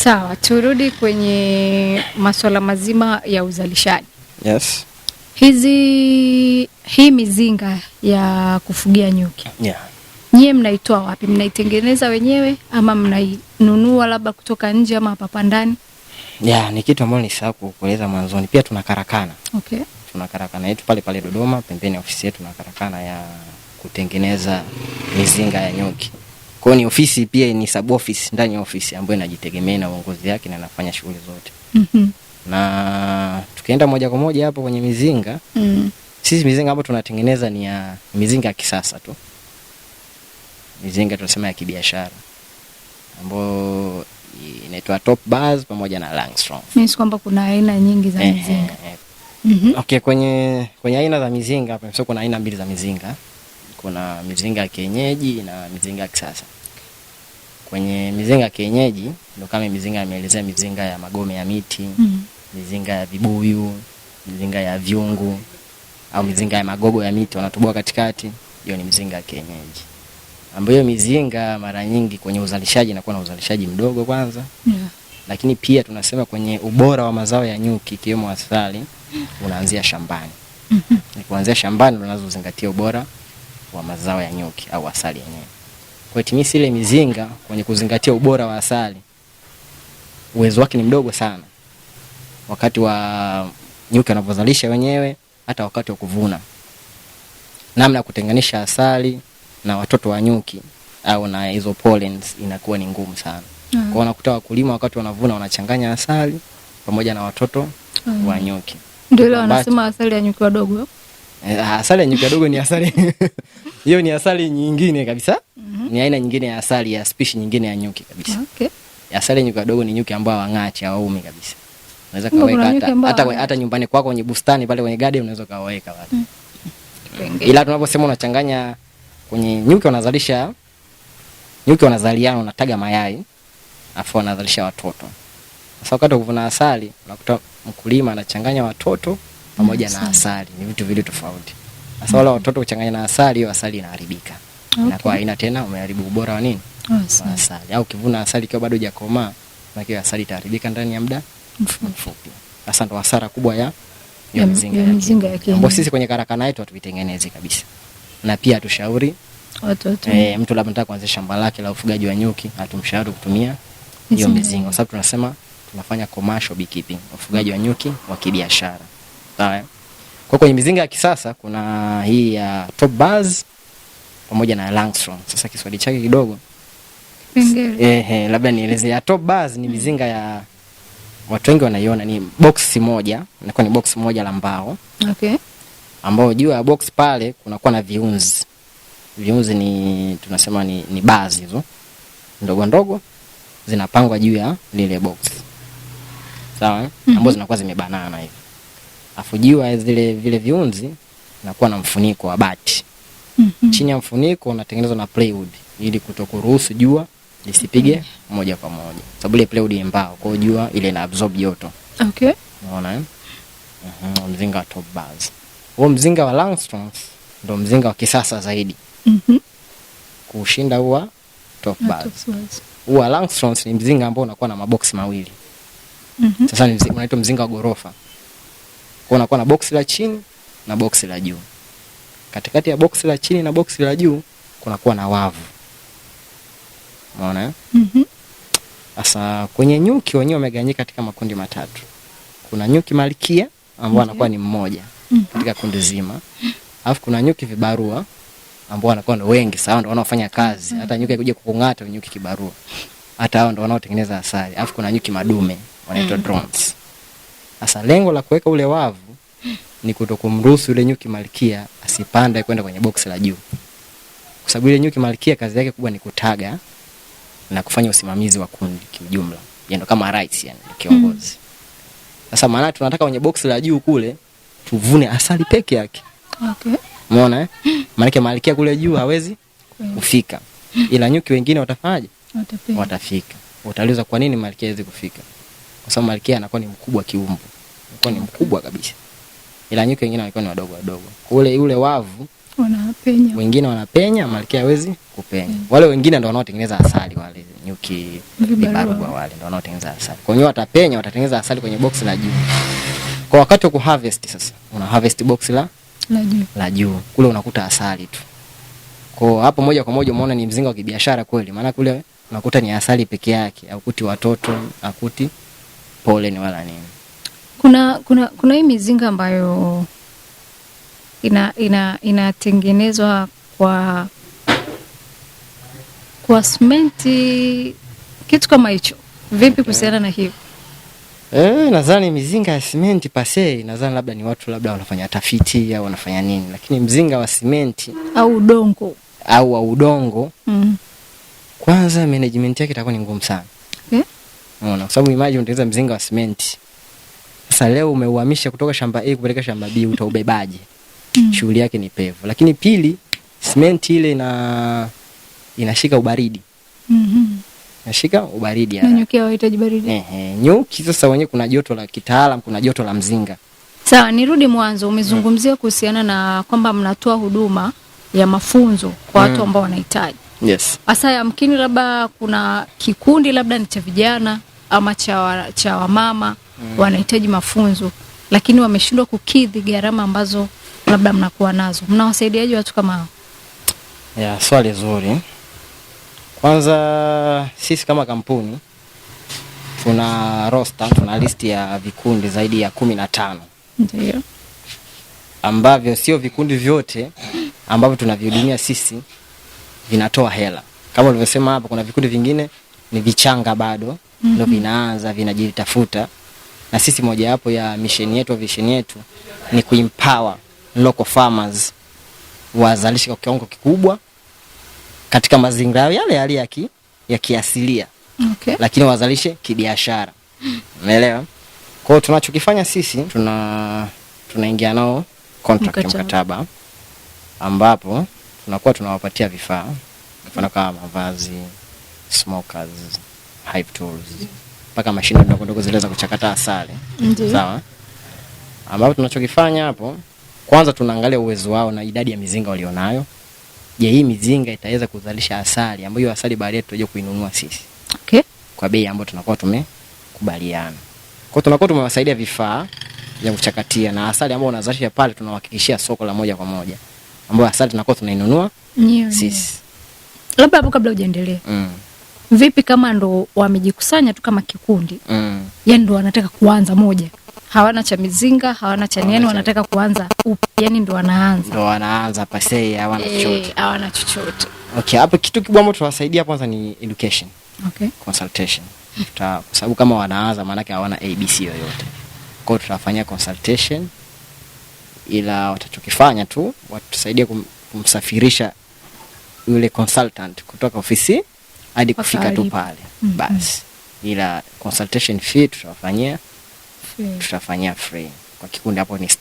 Sawa, turudi kwenye masuala mazima ya uzalishaji. Yes. Hizi hii mizinga ya kufugia nyuki. Yeah. Nyie mnaitoa wapi? Mnaitengeneza wenyewe ama mnainunua labda kutoka nje ama hapa ndani? Yeah, ni kitu ambacho nisahau kueleza mwanzoni. Pia tuna karakana. Okay. Tuna karakana yetu pale pale Dodoma, pembeni ya ofisi yetu, tuna karakana ya kutengeneza mizinga ya nyuki kwao ni ofisi pia ni sub office ndani ya ofisi ambayo inajitegemea na uongozi yake na inafanya shughuli zote. Mm -hmm. Na tukienda moja kwa moja hapo kwenye mizinga, mm. hmm Sisi mizinga ambayo tunatengeneza ni ya mizinga ya kisasa tu. Mizinga tunasema ya kibiashara ambayo inaitwa top bars pamoja na Langstrom. Means kwamba kuna aina nyingi za mizinga. Eh, eh. Mm -hmm. Okay, kwenye kwenye aina za mizinga hapo kuna aina mbili za mizinga. Kuna mizinga ya kienyeji na mizinga ya kisasa. Kwenye mizinga ya kienyeji ndo kama mizinga ameelezea, mizinga ya magome ya miti mm -hmm. mizinga ya vibuyu, mizinga ya vyungu au mizinga ya magogo ya miti wanatoboa katikati, hiyo ni mizinga ya kienyeji ambayo mizinga mara nyingi kwenye uzalishaji inakuwa na uzalishaji mdogo kwanza, yeah. Lakini pia tunasema kwenye ubora wa mazao ya nyuki ikiwemo asali unaanzia shambani. mm -hmm. Kuanzia shambani unazozingatia ubora wa mazao ya nyuki au asali yenyewe kuhitimisha ile mizinga kwenye kuzingatia ubora wa asali uwezo wake ni mdogo sana, wakati wa nyuki wanavyozalisha wenyewe, hata wakati wa kuvuna. Namna ya kutenganisha asali na watoto wa nyuki au na hizo pollens inakuwa ni ngumu sana. mm Kwa unakuta wakulima wakati wanavuna wanachanganya asali pamoja na watoto mm wa nyuki, ndio ile wanasema asali ya nyuki wadogo. Eh, asali ya nyuki wadogo ni asali hiyo ni asali nyingine kabisa. mm ni aina nyingine ya asali ya spishi nyingine ya nyuki kabisa. Okay. Asali nyuki wadogo ni nyuki ambao hawang'ati, hawaumi kabisa. Unaweza kaweka hata hata hata nyumbani kwako kwenye bustani pale kwenye garden unaweza kaweka wapi. Mm. Ila tunaposema unachanganya kwenye nyuki wanazalisha nyuki wanazaliana, wanataga mayai afu wanazalisha watoto. Sasa wakati kuvuna asali unakuta mkulima anachanganya watoto pamoja mm, na asali, ni vitu vile tofauti. Sasa wale mm. watoto kuchanganya na asali, hiyo asali inaharibika. Mm okay. na kwa aina tena umeharibu ubora wa nini Oh, asali au ukivuna asali ikiwa bado hajakomaa maana asali itaharibika ndani ya muda mfupi. Sasa ndo hasara kubwa ya ya mizinga yake ambayo sisi kwenye karakana yetu hatuitengenezi kabisa, na pia hatushauri e, mtu labda anataka kuanzisha shamba lake la ufugaji wa nyuki, hatumshauri kutumia hiyo mizinga, kwa sababu tunasema tunafanya commercial beekeeping, ufugaji wa nyuki wa kibiashara. Sawa, eh? kwa kwenye mizinga ya kisasa kuna hii ya uh, top buzz pamoja na Langstrom. Sasa kiswali chake kidogo ehe, labda nielezea. Top bars ni mizinga ya watu wengi wanaiona, ni box moja, inakuwa ni box moja la mbao okay, ambao juu ya box pale kunakuwa na viunzi. Viunzi ni tunasema ni, ni bars hizo ndogo ndogo zinapangwa juu ya lile box sawa, mm -hmm. ambazo zinakuwa zimebanana hivi, afu juu ya zile vile viunzi inakuwa na mfuniko wa bati mm -hmm. Chini ya mfuniko unatengenezwa na plywood ili kutokuruhusu jua lisipige mm -hmm. moja kwa moja, sababu ile plywood ni mbao, kwa hiyo jua ile ina absorb joto. Okay, unaona eh? Uh mm-hmm. -huh. Mzinga wa top bars, huo mzinga wa Langstroth ndo mzinga wa kisasa zaidi mm -hmm. kushinda huo top bars. Huo Langstroth ni mzinga ambao unakuwa na maboksi mawili mm -hmm. Sasa unaitwa mzinga wa gorofa, kwa unakuwa na boksi la chini na boksi la juu katikati ya boksi la chini na boksi la juu kunakuwa na wavu. Unaona? Mhm. Sasa kwenye nyuki wenyewe wameganyika katika makundi matatu. Kuna nyuki malkia ambao okay. Mhm. anakuwa ni mmoja mhm. katika kundi zima. Alafu kuna nyuki vibarua ambao wanakuwa ni wengi sawa, ndio wanaofanya kazi. Mhm. Hata nyuki akija kukung'ata nyuki kibarua. Hata hao ndio wanaotengeneza asali. Alafu kuna nyuki madume wanaitwa drones. Sasa lengo la kuweka ule wavu ni kutokumruhusu yule nyuki malkia asipande kwenda kwenye boksi la juu, kwa sababu yule nyuki malkia kazi yake kubwa ni kutaga na kufanya usimamizi wa kundi kiujumla, ndio kama rights, yani kiongozi. Hmm. Sasa mm. maana tunataka kwenye boksi la juu kule tuvune asali peke yake, okay. Umeona eh? Hmm. Maana malkia kule juu hawezi kufika, hmm. ila nyuki wengine watafanyaje? Watafika. Watafika. Utaliza kwa nini malkia hawezi kufika? Kwa sababu malkia anakuwa ni mkubwa kiumbo, anakuwa ni mkubwa kabisa ila nyuki wengine walikuwa ni wadogo wadogo, ule yule wavu wanapenya, wengine wanapenya, malkia hawezi kupenya mm. Wale wengine ndio wanaotengeneza asali, wale nyuki vibarua wale ndio wanaotengeneza asali. Kwa hiyo watapenya, watatengeneza asali kwenye box la juu. Kwa wakati wa kuharvest sasa, una harvest box la la juu la juu kule, unakuta asali tu. Kwa hapo moja kwa moja umeona ni mzinga wa kibiashara kweli, maana kule unakuta ni asali peke yake, au kuti watoto akuti pole ni wala nini kuna kuna kuna hii mizinga ambayo ina ina inatengenezwa kwa kwa simenti kitu kama hicho. Vipi kuhusiana na hiyo? Eh, nadhani mizinga ya simenti pase, nadhani labda ni watu labda wanafanya tafiti au wanafanya nini, lakini mzinga wa simenti au udongo au wa udongo mm. Kwanza management yake itakuwa ni ngumu sana. Okay. Eh? Unaona, kwa sababu imagine utaweza mzinga wa simenti sasa leo umeuhamisha kutoka shamba A kupeleka shamba B, utaubebaje? mm. shughuli yake ni pevu. Lakini pili, simenti ile ina inashika ubaridi mm -hmm. inashika ubaridi, nyuki hawahitaji baridi. Ehe, nyuki sasa wenyewe kuna joto la kitaalam, kuna joto la mzinga. Sawa, nirudi mwanzo, umezungumzia kuhusiana na kwamba mnatoa huduma ya mafunzo kwa watu mm. ambao wanahitaji Yes. Hasa yamkini labda kuna kikundi labda ni cha vijana ama cha wamama mm. wanahitaji mafunzo, lakini wameshindwa kukidhi gharama ambazo labda mnakuwa nazo. Mnawasaidiaje watu kama hao? Ya, swali zuri. Kwanza sisi kama kampuni tuna roster, tuna listi ya vikundi zaidi ya kumi na tano ndio ambavyo sio vikundi vyote ambavyo tunavihudumia sisi vinatoa hela. Kama ulivyosema hapo, kuna vikundi vingine ni vichanga bado, mm -hmm. ndio mm-hmm. vinaanza vinajitafuta na sisi mojawapo ya misheni yetu, vision yetu ni kuimpower local farmers wazalishe kwa kiwango kikubwa katika mazingira yale yale ya ki, ya kiasilia okay. Lakini wazalishe kibiashara, umeelewa? Kwa hiyo tunachokifanya sisi tuna tunaingia nao contract mkataba, mkataba ambapo tunakuwa tunawapatia vifaa mfano kama mavazi, smokers, hype tools mpaka mashine ndogo ndogo zile za kuchakata asali. Sawa, ambapo tunachokifanya hapo, kwanza tunaangalia uwezo wao na idadi ya mizinga walionayo. Je, hii mizinga itaweza kuzalisha asali ambayo asali baadaye tutaje kuinunua sisi okay, kwa bei ambayo tunakuwa tumekubaliana. Kwa hiyo tunakuwa tumewasaidia vifaa vya kuchakatia na asali ambayo unazalisha pale, tunawahakikishia soko la moja kwa moja ambayo asali tunakuwa tunainunua sisi. Labda hapo kabla hujaendelea mm. Vipi kama ndo wamejikusanya tu kama kikundi mm. Yani ndo wanataka kuanza moja, hawana cha mizinga, hawana cha nini, wanataka kuanza upya, yani ndo wanaanza ndo wanaanza pasei, hawana eh, chochote, hawana chochote. Okay, hapo kitu ambacho tutawasaidia kwanza ni education, okay, consultation kwa sababu kama wanaanza maanake hawana abc yoyote, kwa tutafanya consultation, ila watachokifanya tu watusaidia kum, kumsafirisha yule consultant kutoka ofisi hadi kufika tu pale mm -hmm. Basi ila consultation fee tutawafanyia tutafanyia free kwa kikundi hapo ni